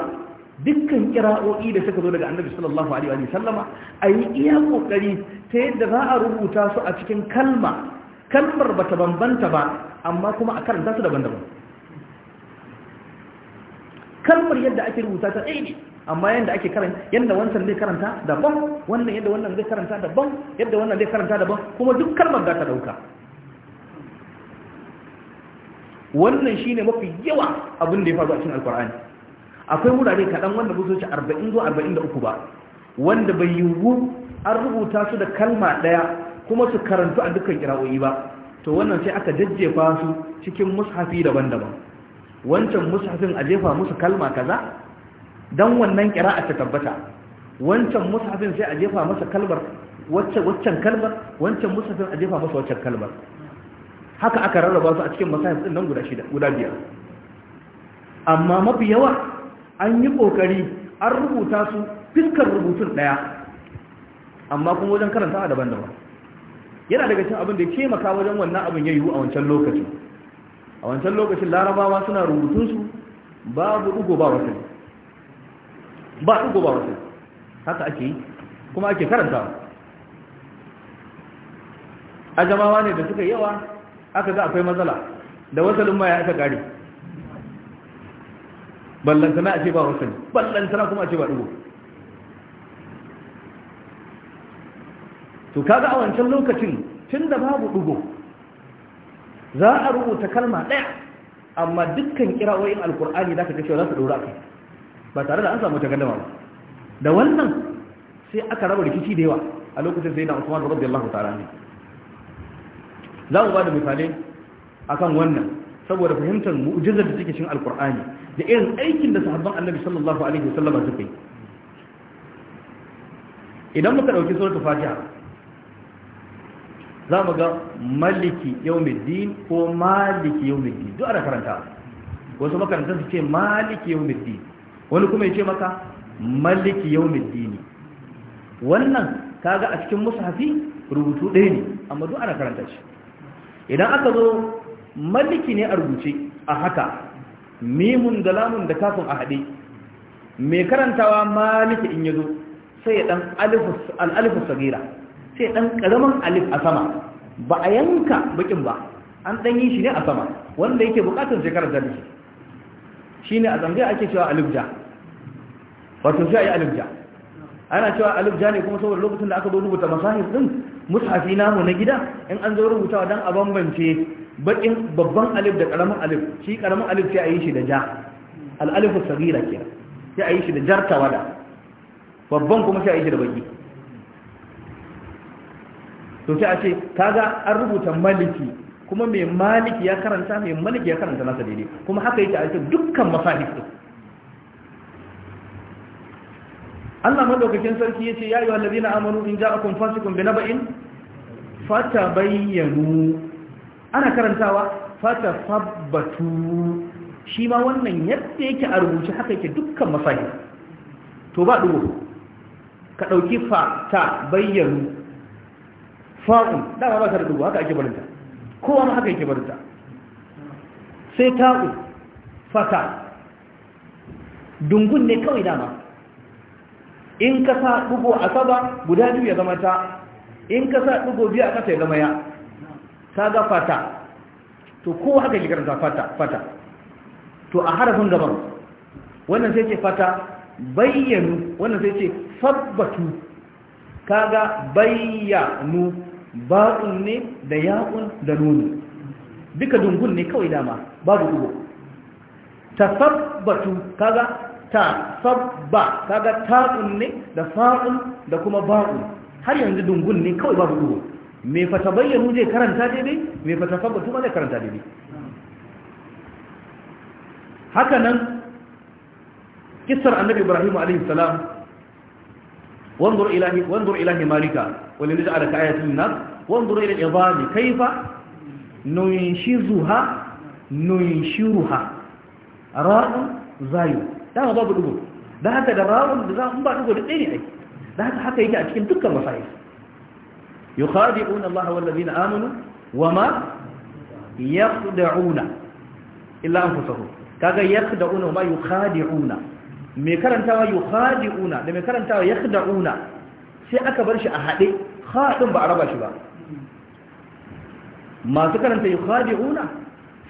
dukkan kira'o'i da suka zo daga annabi sallallahu alaihi wa sallama a yi iya kokari ta yadda za a rubuta su a cikin kalma kalmar bata bambanta ba amma kuma a karanta su daban-daban kalmar yadda ake rubuta ta ɗaya ne amma yadda ake karanta yadda wancan zai karanta daban wannan yadda wannan zai karanta daban yadda wannan zai karanta daban kuma duk kalmar za ta ɗauka wannan shi ne mafi yawa abin da ya faru a cikin alkur'ani akwai wurare kaɗan wanda ba su ci 40 zuwa 43 ba wanda bai yiwu an rubuta su da kalma ɗaya kuma su karantu a dukkan kira'o'i ba to wannan sai aka jajjefa su cikin mushafi daban-daban wancan mushafin a jefa musu kalma kaza dan wannan kira'a ta tabbata wancan mushafin sai a jefa masa kalmar waccan kalmar wancan mushafin a jefa masa waccan kalmar haka aka rarraba su a cikin masahif ɗin nan guda shida guda biyar amma mafi yawa an yi kokari an rubuta su fiskar rubutun daya amma kuma wajen a daban-daban yana daga cikin abin da ke maka wajen wannan abin ya yiwu a wancan lokacin a wancan lokacin larabawa suna rubutunsu babu ɗugo ba wasu ba ɗugo ba wasu haka ake yi kuma ake karantawa ajamawa ne da suka yawa aka ga akwai matsala da wata lumma ya aka kare ballantana a ce ba wasali ballantana kuma a ce ba dugo to kaga a wancan lokacin tun da babu dugo za a rubuta kalma ɗaya amma dukkan kirawoyin alkur'ani za ka kashe za su ɗaura kai ba tare da an samu takaddama ba da wannan sai aka raba rikici da yawa a lokacin sai na usman allahu ta'ala ne za mu ba da a kan wannan saboda fahimtar mu'jizar da take cikin alkur'ani da irin aikin da sahabban annabi sallallahu alaihi wasallam suka yi idan muka dauki suratul fatiha za mu ga maliki yawmiddin ko maliki yawmiddin duk ana karanta wasu makarantar su ce maliki yawmiddin wani kuma ya ce maka maliki yawmiddin wannan kaga a cikin mushafi rubutu ɗaya ne amma duk ana karanta shi idan aka zo maliki ne a rubuce a haka mimun da lamun da kafin a haɗe mai karantawa maliki in ya zo sai ya ɗan al'alifu sagira sai ya ɗan ƙaramin alif a sama ba a yanka bakin ba an ɗan yi shi ne a sama wanda yake buƙatar shekarar da shi shi ne a zambiya ake cewa alifja wato shi a yi alifja ana cewa alifja ne kuma saboda lokacin da aka zo rubuta masahis ɗin mushafi namu na gida in an zo rubutawa don a bambance bakin babban alif da karamin alif shi karamin alif sai a yi shi da ja al'alifu sagira ke sai a yi shi da jar tawada babban kuma sai a yi shi da baki to sai a ce kaga an rubuta maliki kuma mai maliki ya karanta mai maliki ya karanta nasa daidai kuma haka yake a cikin dukkan masahif din Allah madaukakin sarki yace ya ayyuhal ladina amanu in ja'akum fasiqun bi naba'in fata bayyanu ana karantawa fata sabbatu shi ma wannan yadda yake a rubuce haka yake dukkan masahi to ba dugo ka ɗauki fata bayyanu fa'u dama ba ta da dugo haka ake barinta kowa ma haka yake barinta sai ta'u fata dungun ne kawai dama in ka sa dugo a saba guda biyu ya zama ta in ka sa ɗigo biyu a ƙasa ya zama ya ta ga fata to ko haka shi karanta fata fata to a harafin gaban wannan sai ce fata bayyanu wannan sai ce fabbatu. Ka ga bayyanu ba'un ne da ya'un da nuni duka dungun ne kawai dama babu fabbatu ka ga ta fabba. Ka ga ta'un ne da fa'un da kuma ba'un har yanzu dungun ne kawai babu duhu mai fata bayyanu zai karanta daidai mai fata tabbatu ma zai karanta daidai haka nan kisar annabi ibrahim alaihi salam wanzur ilahi wanzur ilahi malika wal naj'alaka ayatan nas wanzur ila al-idami kayfa nunshizuha nunshiruha ra'un zayu dan babu dubu dan haka da ra'un da za ba dubu da ɗaya ne ai da haka yake a cikin dukkan masahif yukhadi'una Allah wal ladina amanu wama yakhda'una illa kaga yakhda'una wama yukhadi'una karantawa yukhadi'una da mai karantawa yakhda'una sai aka bar shi a hade khadin ba a raba shi ba masu karanta yukhadi'una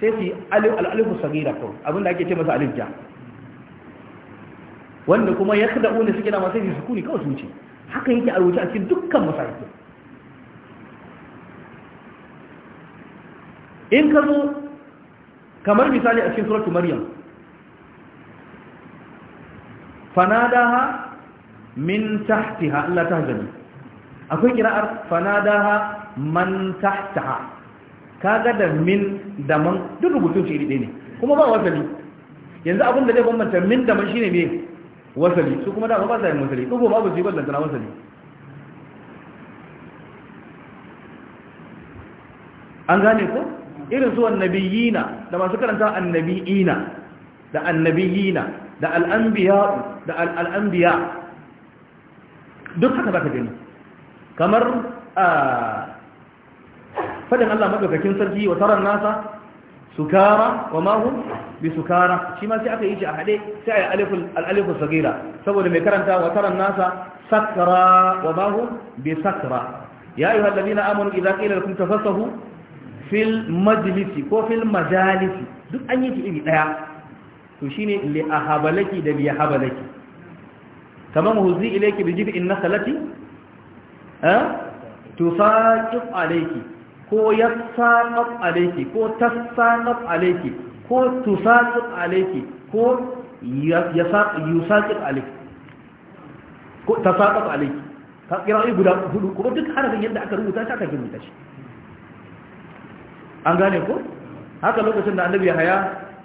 sai su alif al-alif sagira ko abinda ake ce masa alif ja' wanda kuma ya kada wani suke da masu su kuni kawai sun ce. haka yake a rubuce a cikin dukkan masarki in ka zo kamar misali a cikin suratu maryam fanadaha min tahtiha Allah ta hajjani akwai kira'ar fanadaha man tahtaha ka da min da man duk rubutun shi iri ɗaya ne kuma ba wasali yanzu abinda da zai bambanta min da man ne me wasali su kuma dama ba sa yin wasali ɗugo ma ba su yi ballantana wasali an gane ko irin su annabiyina da masu karanta annabiyina da annabiyina da al'anbiya da al'anbiya duk haka ba ka gani kamar a ah, fadin Allah madaukakin sarki wa taron nasa sukara wa mahum bi sukara shi ma sai aka yi shi a haɗe sai a yi al'alifin sagira saboda mai karanta wa taran nasa sakara wa mahum bi sakara ya yi hallabi na amonu idan ƙila da kuma tafassahu fil majalisi ko fil majalisi duk an yi shi iri ɗaya to shi ne li a habalaki da biya habalaki kamar mu huzi ilaiki bi jibi in nasalati tusa ƙif alaiki ko yassaqat alayki ko tasaqat alayki ko tusaqat alayki ko yasaq yusaqat alayki ko tasaqat alayki ka kira'i guda hudu kuma duk harafin yadda aka rubuta ta aka rubuta shi an gane ko haka lokacin da annabi haya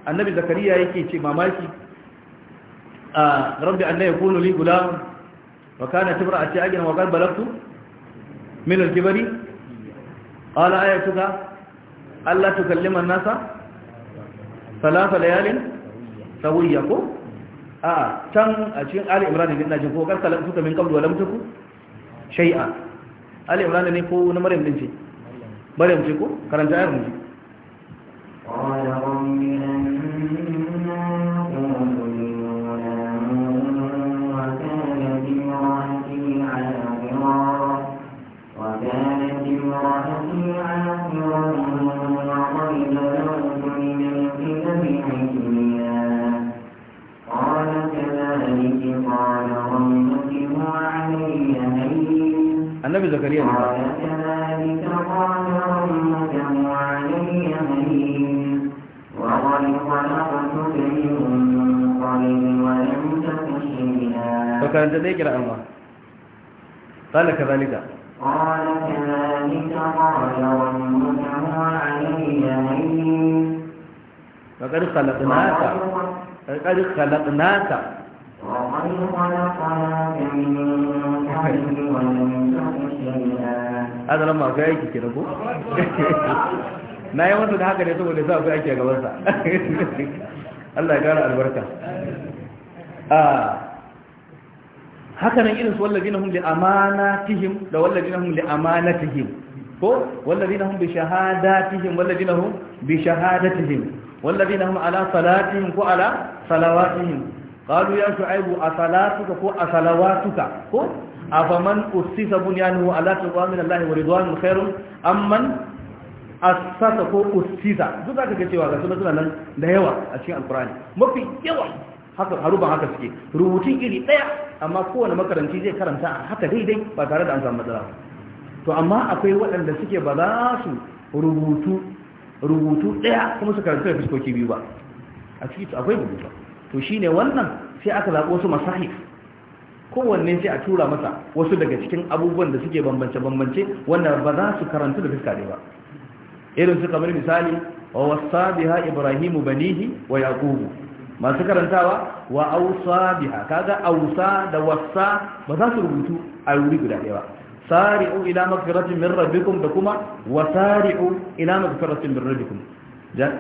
annabi zakariya yake ce mamaki a rabbi annai yakunu li gulam wa kanat imra'ati ajran wa qad balagtu min al Kibari. qala ayatuka alla tukallima an-nasa salasa layalin sawiyya ko a can a cikin ali imran din najin ko kar salam suka min qablu walam tuku shay'a ali imran ne ko na maryam din ce maryam ce ko karanta ayar mu qala zakariya ne فكانت ذلك الأمر قال كذلك قال كذلك قال ربك علي فقد خلقناك فقد خلقناك وقد خلقناك من قبل ولم azalan masu kai yake kira ko na yi masa da haka ne saboda sa akwai ake gabansa Allah ya gara albarka haka nan irin su wallazina hum li amanatihim da wallazina hum li amanatihim ko hundi shahada hum bi shahadatihim hundi shahada bi shahadatihim wallazina hundi ala salatihim ko ala salawatihim qalu ya shu'aibu asalatuka ko asalawatuka ko afaman usisa bunyanuhu ala taqwa min Allah wa ridwan khairun amman assasa ko usisa duk zaka ga cewa ga sunan sunan da yawa a cikin alqur'ani mafi yawa haka haruban haka suke rubutun iri daya amma kowane makaranci zai karanta haka daidai ba tare da an samu matsala to amma akwai waɗanda suke ba za su rubutu rubutu daya kuma su karanta da biyu ba a ciki akwai rubutu to shine wannan sai aka zabo su masahif kowanne sai a tura masa wasu daga cikin abubuwan da suke bambance-bambance wanda ba za su karantu da fuska ba irin su kamar misali wa wasa biha ibrahimu banihi wa yaqubu masu karantawa wa ausa biha kaga ausa da wasa ba za su rubutu a wuri guda ɗaya ba sari'u ila magfiratin min rabbikum da kuma wasari'u ila magfiratin min rabbikum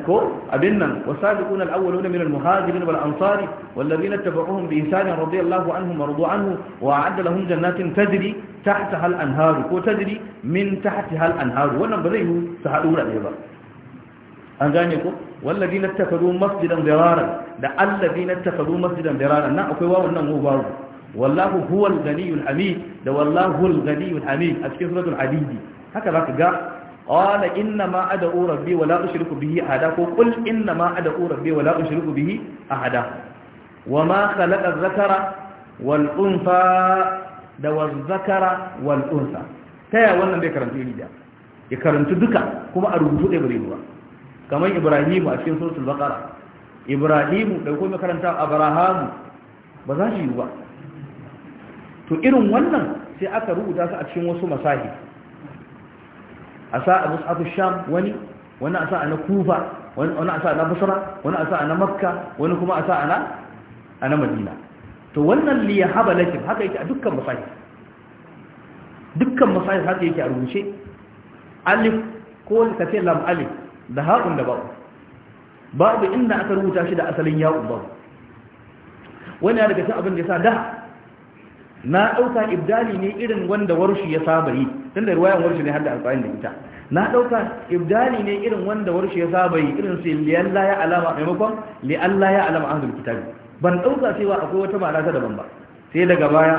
ko abin nan wasa wasabiqun alawwaluna min almuhajirin wal ansari wallazina tabi'uhum bi ihsan radiyallahu anhum wa radu anhu wa a'adda lahum jannatin ta hal an haru ko tajri min ta hal an haru wannan ba zai yi su haɗu ne ba an gane ko wallazina tafadu masjidan biraran da allazina tafadu masjidan biraran nan akwai wawun nan ko babu wallahu huwal ganiyul amin da wallahu al ganiyul amin a cikin suratul hadid haka ka ga qala inna ma ad'u rabbi wa la ushriku bihi ahada ko qul inna ma ad'u rabbi wa la ushriku bihi ahada wa ma khalaqa adh-dhakara wal untha da wadh-dhakara wal untha taya wannan bai karanta iri da ya karanta duka kuma a rubutu ɗaya bare ba kamar ibrahimu a cikin suratul baqara ibrahimu da kuma karanta abrahamu ba za shi yi ba to irin wannan sai aka rubuta su a cikin wasu masahi a sa a mus'afu sham wani wani a sa a na kufa wani a sa a na basra wani a sa a na makka wani kuma a sa a na a madina to wannan liya haɓa lakin haka yake a dukkan masahif dukkan masahif haka yake a rubuce alif ko ka ce lam alif da haƙun da ba'u babu inda aka rubuta shi da asalin yawon babu wani ya daga cin abin da ya sa da na ɗauka ibdali ne irin wanda warshi ya saba yi tunda ruwayan warshe ne har da alƙur'ani da ita na ɗauka ibdali ne irin wanda warshe ya saba yi irin sai liyalla ya alama maimakon liyalla ya alama ahlul kitab ban ɗauka cewa akwai wata ma'ana ta daban ba sai daga baya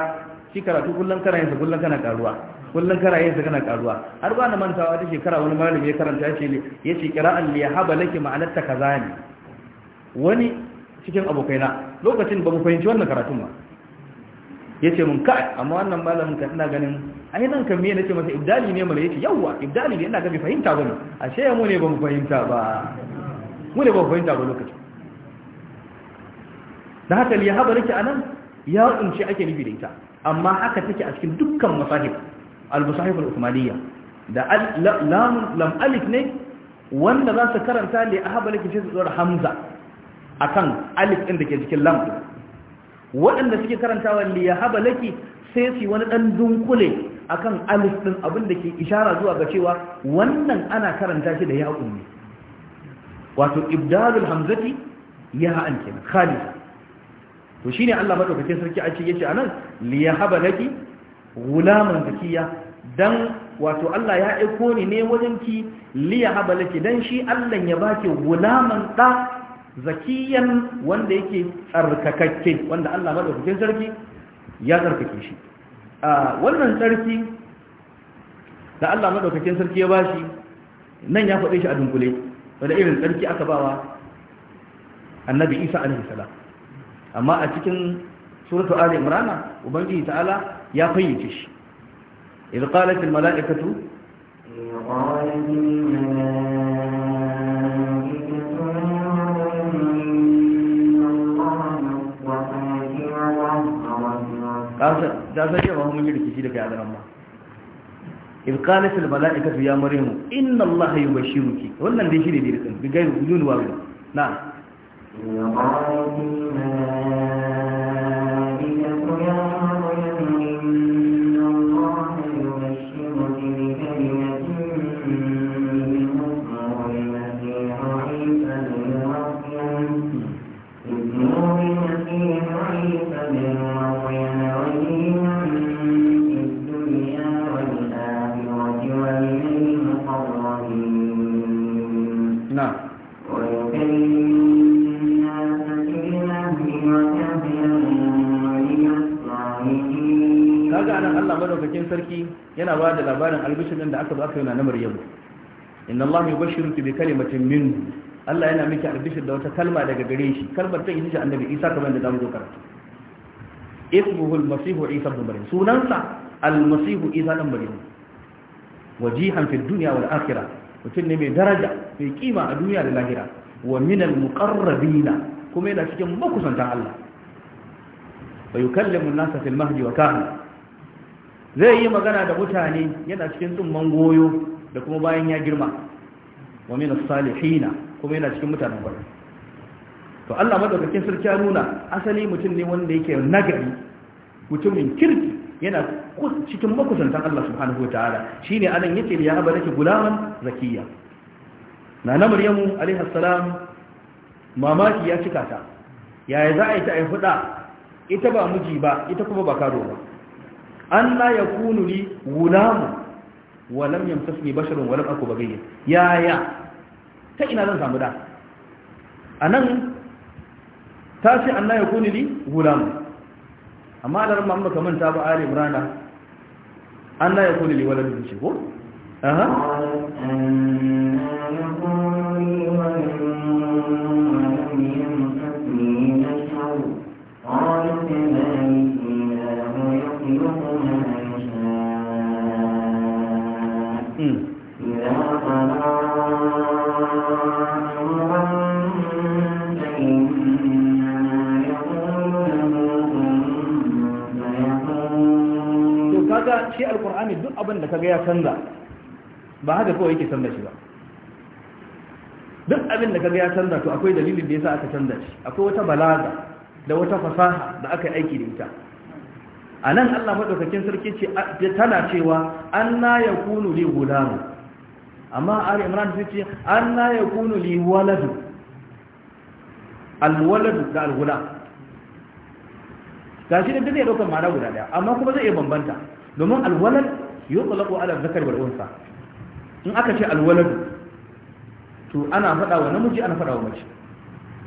shi karatu kullum kana yin sa kullum kana karuwa kullum kana yin sa kana karuwa har ba na mantawa ta shekara wani malami ya karanta yace ne yace qira'an li haba laki ma'anar ta kaza ne wani cikin abokaina lokacin ba mu fahimci wannan karatun ba yace mun kai amma wannan malamin ka ina ganin Ai nan kan me nace masa ibdali ne mala yake yawa ibdali ne ina ga bai fahimta bane ashe mu ne ban fahimta ba mu ne ban fahimta ba lokaci da haka ya haba nake anan ya unce ake nufi da ita amma haka take a cikin dukkan masahib al-musahif al-uthmaniyya da lam lam alif ne wanda za su karanta li ahaba nake sai su dora hamza akan alif din da ke cikin lam waɗanda suke karantawa li ahaba laki sai su wani ɗan dunkule akan alif din abin da ke ishara zuwa ga cewa wannan ana karanta shi da ya'un ne wato ibdalul hamzati ya'an kenan khalisa to shine Allah madaukakin sarki a ce yace anan li yahaba laki gulaman zakiya dan wato Allah ya aiko ni ne wajen ki li yahaba laki dan shi Allah ya baki gulaman da zakiyan wanda yake tsarkakakke wanda Allah madaukakin sarki ya tsarkake shi wannan tsarki da Allah madaukakin sarki ya bashi nan ya faɗe shi a dunkule wanda irin tsarki aka bawa annabi Isa alaihi salam amma a cikin suratu ali imran ubangiji ta'ala ya fayyace shi idh qalat al mala'ikatu qalat da san rikici da kai a garin ma idh qalat ya maryamu inna allaha yubashshiruki wannan dai shi ne dai rikin na ya yana ba da labarin albishirin da aka ba aka yi na maryamu inna Allah ya bashiru ki bi kalimatin min Allah yana miki albishir da wata kalma daga gare shi kalmar ta ita ce annabi Isa kamar da zamu zo karatu ismuhu masihu Isa ibn Maryam sunansa al-masihu Isa ibn Maryam wajihan fi dunya wal akhirah mutum ne mai daraja mai kima a duniya da lahira wa min al-muqarrabina kuma yana cikin makusantan Allah wa yukallimu an-nasa fil mahdi wa zai yi magana da mutane yana cikin tsumman goyo da kuma bayan ya girma wa mina salihina kuma yana cikin mutanen gari to Allah madaukakin sarki ya nuna asali mutum ne wanda yake nagari mutumin kirki yana cikin makusantan Allah subhanahu Shi ne anan yake ya abaraki gulaman zakiya nana maryamu alaiha salam mamaki ya cika ta yaya za a yi ta aifuda ita ba miji ba ita kuma ba karo ba an la kunu li gulamu walam lam yamtasni basharun walam aku bagayya ya ya ta ina zan samu da anan ta ce an la kunu li gulamu amma da ran amma kaman ta ba ali imrana an la kunu li waladun ce ko aha قالوا kaga shi alkur'ani duk abin da kaga ya canza ba haka kawai yake canza shi ba duk abin da kaga ya canza to akwai dalilin da ya sa aka canza shi akwai wata balaga da wata fasaha da aka aiki da ita anan Allah madaukakin sarki ce tana cewa anna yakunu li gulamu amma ali imran sai ce an na ya kunu li waladu alwaladu da algula ga shi da ya ɗaukar ma'ana guda daya amma kuma zai iya bambanta domin alwalad yi tsalaƙo ala zakar wal unsa in aka ce alwaladu to ana fada wa namiji ana fada wa mace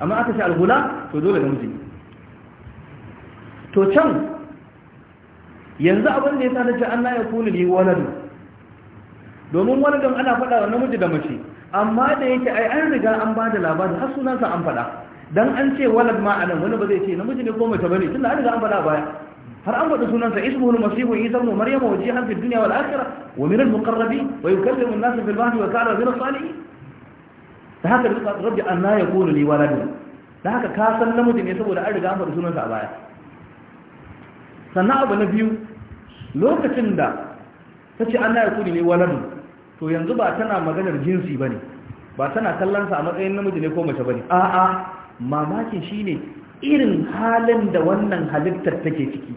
amma aka ce algula to dole namiji to can yanzu abin da ya sa an na ya kula li waladu domin wani don ana faɗa wa namiji da mace amma da yake ai an riga an ba da labari har sunansa an faɗa dan an ce walad ma anan wani ba zai ce namiji ne ko mace bane tunda an riga an faɗa baya har an faɗi sunansa ismuhu al-masihu isa ibn maryam wa jihan fi dunya wal akhirah wa min al-muqarrabin wa yukallimu an-nas fil mahdi wa ka'ra min as-salihin da haka rabbi anna yakunu li waladun da haka ka san namiji ne saboda an riga an faɗi sunansa a baya sannan abu na biyu lokacin da ta ce an na yakuni ne waladu to yanzu ba tana maganar jinsi ba ne ba tana kallonsa a matsayin namiji ne ko mace ba ne a'a mamakin shi ne irin halin da wannan halittar take ciki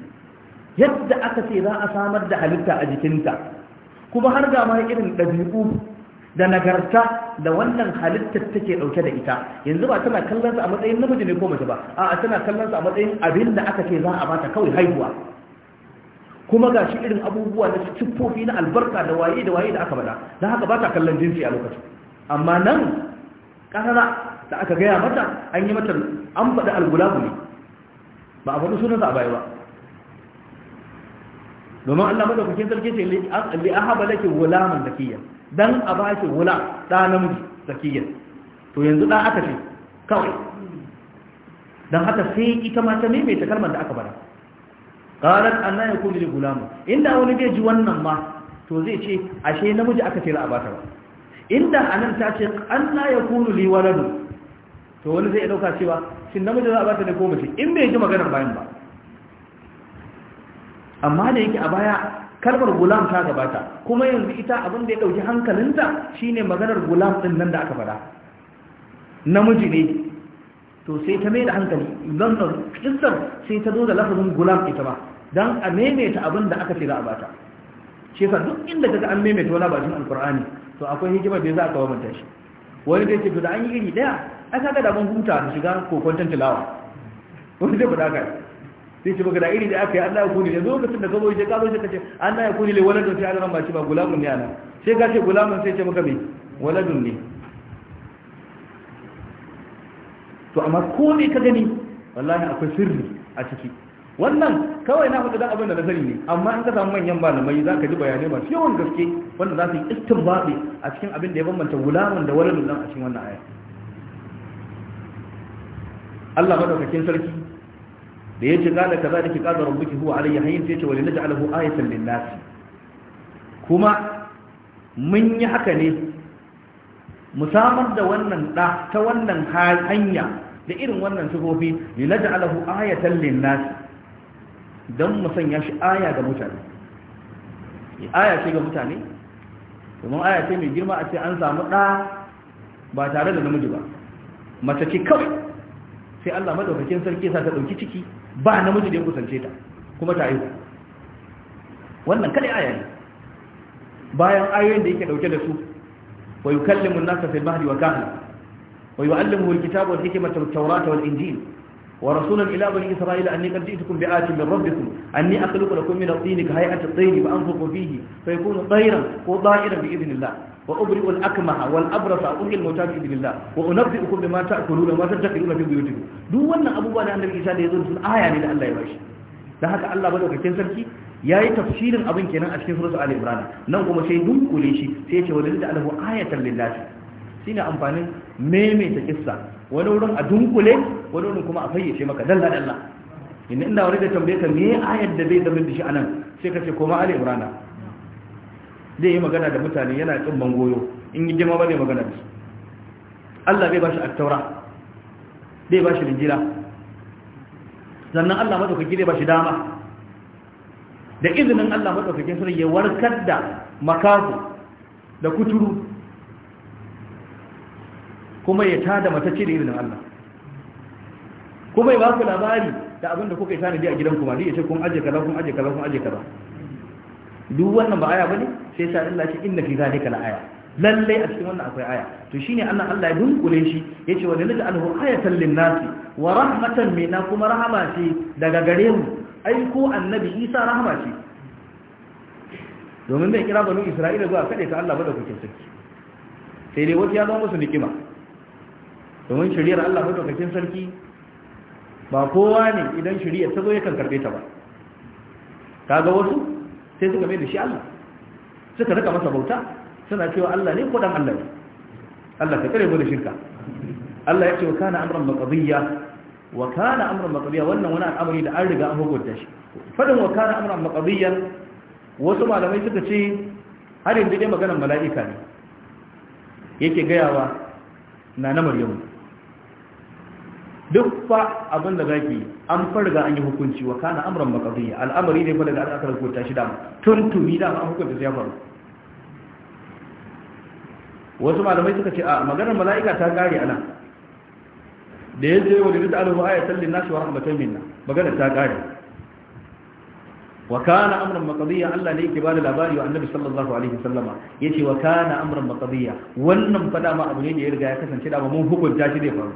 yadda aka ce za a samar da halitta a jikinta kuma har ga ma irin ɗabi'u da nagarta da wannan halittar take ɗauke da ita yanzu ba tana kallonsa a matsayin namiji ne ko mace ba a'a tana kallonsa a matsayin abin da aka ce za a bata kawai haihuwa kuma ga shi irin abubuwa na siffofi na albarka da waye da waye da aka bada don haka ba ta kallon jinsi a lokacin amma nan ƙasana da aka gaya mata an yi mata an faɗi algulabu ne ba a faɗi sunansa a baya ba domin allah kuke sarki ce li haɓa lake wulaman zakiya dan a ba shi wula ɗa namiji zakiya to yanzu ɗa aka ce kawai don haka sai ita ma ta maimaita kalmar da aka bada qalat anna yakunu li gulam inda wani bai ji wannan ma to zai ce ashe namiji aka tsira a abata ba inda anan ta ce anna yakunu li waladu to wani zai dauka cewa shin namiji za a bata ne ko mace in bai ji maganar bayan ba amma da yake a baya kalmar gulam ta gabata kuma yanzu ita abin da ya dauki hankalinta shine maganar gulam din nan da aka fada namiji ne to sai ta mai da hankali zanzan kistar sai ta zo da lafazin gulam ita ba don a maimaita abin da aka ce za a bata shi duk inda kaga an maimaita wani bacin alkur'ani to akwai hikimar da za a kawo manta shi wani zai ce to da an yi iri daya a kaga da ban huta da shiga kokwanton tilawa wani zai da kai sai ce baka da iri da aka yi Allah ya kuni da lokacin da gabo je gabo je ce, Allah ya kuni le don sai Allah ba shi ba gulamun ne ana sai ka ce gulamun sai ce maka me waladun ne to amma ko ne ka gani wallahi akwai sirri a ciki wannan kawai na faɗi dan abin da na sani ne amma in ka samu manyan malamai za ka ji bayanai masu yawan gaske wanda za su yi istinbabi a cikin abin da ya bambanta gulamun da wani nan a cikin wannan aya Allah madaukakin sarki da yace da kadhalika kaza rubuki huwa alayya hayyin na ji alahu ayatan lin-nas kuma mun yi haka ne mu samar da wannan da ta wannan hanya da irin wannan sifofi naj'alahu ayatan lin-nas dan mu sanya shi aya ga mutane aya ce ga mutane domin aya ce mai girma a ce an samu da ba tare da namiji ba mace ce kawai sai Allah madaukakin sarki sa ta dauki ciki ba namiji da ya kusance ta kuma ta aiwa wannan kada aya ne bayan ayoyin da yake dauke da su ويكلم الناس في المهد وكهلا ويعلمه الكتاب والحكمة والتوراة والإنجيل ورسولا إلى بني إسرائيل أني قد جئتكم بآت من ربكم أني أخلق لكم من الطين كهيئة الطير فأنفق فيه فيكون طيرا وضائرا بإذن الله وأبرئ الأكمه والأبرص أحيي الموتى بإذن الله وأنبئكم بما تأكلون وما تدخرون في بيوتكم دون أبوان أن الإنسان يظن آية من الله يباشر da haka Allah madaukakin sarki Ya yi tafsirin abin kenan a cikin suratul ali imran nan kuma sai dunkule shi sai ya ce wani da alahu ayatan lillahi shine amfanin maimaita kissa wani wurin a dunkule wani wurin kuma a fayyace maka dalla dalla inda inda wani da tambaye ka me ayar da zai zama da shi anan sai ka ce koma ali imran zai yi magana da mutane yana kin bangoyo in yi jima bane magana da su Allah bai bashi at-taura bai bashi injila sannan Allah madaukaki zai shi dama da izinin Allah madaukakin sarki ya warkar da makafu da kuturu kuma ya tada matacce da izinin Allah kuma ya ba ku labari da abin da kuka yi tanadi a gidanku ma zai ya ce kun aje kaza kun aje kaza kun aje kaza duk wannan ba aya bane sai sa Allah ce inna fi zalika la aya lalle a cikin wannan akwai aya to shine Allah Allah ya dunkule shi yace wa lil anhu ayatan lin nasi wa rahmatan minna kuma rahama shi daga gare mu aiko annabi isa rahama ce domin zai kira banu isra'ila zuwa kaɗai ta allah madaukakin sarki sai dai wasu ya zama musu nikima domin shiriyar allah madaukakin sarki ba kowa ne idan shiriyar ta zo ya kan karɓe ta ba kaga wasu sai suka mai da shi allah suka rika masa bauta suna cewa allah ne ko dan allah ne allah ka kare mu da shirka allah ya ce wa kana amran maqdiya wa kana amrun maqdiyan wannan wani al'amari da an riga an hukunta shi fadin wa kana amrun maqdiyan wasu malamai suka ce har yanzu dai maganar mala'ika ne yake gayawa na na maryamu duk fa abin da zaki an farga an yi hukunci wa kana amrun maqdiyan al'amari ne fa daga aka hukunta shi da tuntumi da an hukunta sai ya faru wasu malamai suka ce a maganar mala'ika ta kare anan da ya je wani rita alhu ayatan lin nasu wa rahmatan minna magana ta kare wa kana amran maqdiya Allah ne yake bada labari wa annabi sallallahu alaihi wasallama yace wa kana amran maqdiya wannan fada ma abu ne da ya riga ya kasance da mun hukunta shi ne faru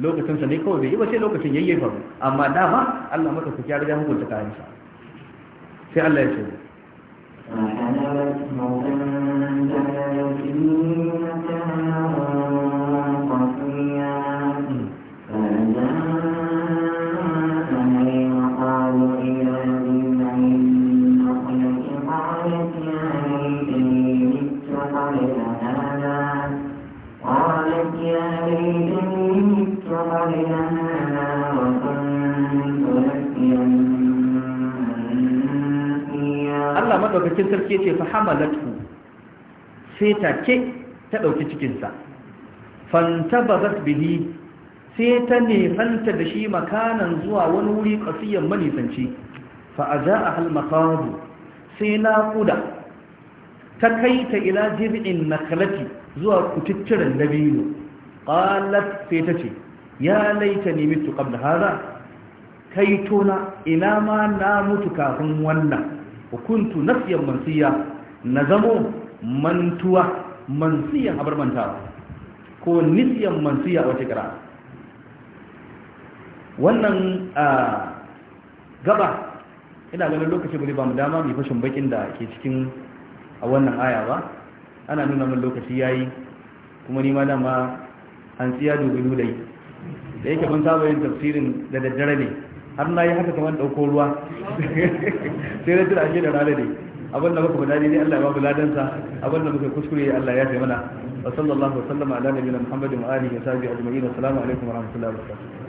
lokacin sa ne kawai bai yi ba sai lokacin yayye faru amma dama Allah maka ku ya riga hukunta kayan sa sai Allah ya ce sai take ta ɗauki cikinsa fantabazat bihi sai ta ne nefanta da shi makanan zuwa wani wuri ƙasiyan manisanci fa'aza a halmakaru sai na naƙuda ta kai ta ila jirgin nakalati zuwa kututturen dabino ƙalat sai ta ce ya laita nemi tuƙab da haza kai tona ina ma na mutu kafin wannan hukuntu siyan mansiya na zamo mantuwa mansiyan abar mantawa ko nisiyan mansiya a wace kira wannan gaba ina ganin lokaci guri ba mu dama mai fashin bakin da ke cikin a wannan aya ba ana nuna min lokaci yayi kuma ni ma dama an tsiya dubu dai da yake mun saba yin tafsirin da daddare ne har na yi haka kamar ɗauko ruwa sai na tura ashe da rana ne abin da muka faɗa daidai Allah ya ba mu ladansa abin da muka kuskure Allah ya taimana mana wa sallallahu wa sallama ala nabiyina Muhammadin wa alihi wa sahbihi ajma'in assalamu alaikum wa rahmatullahi wa barakatuh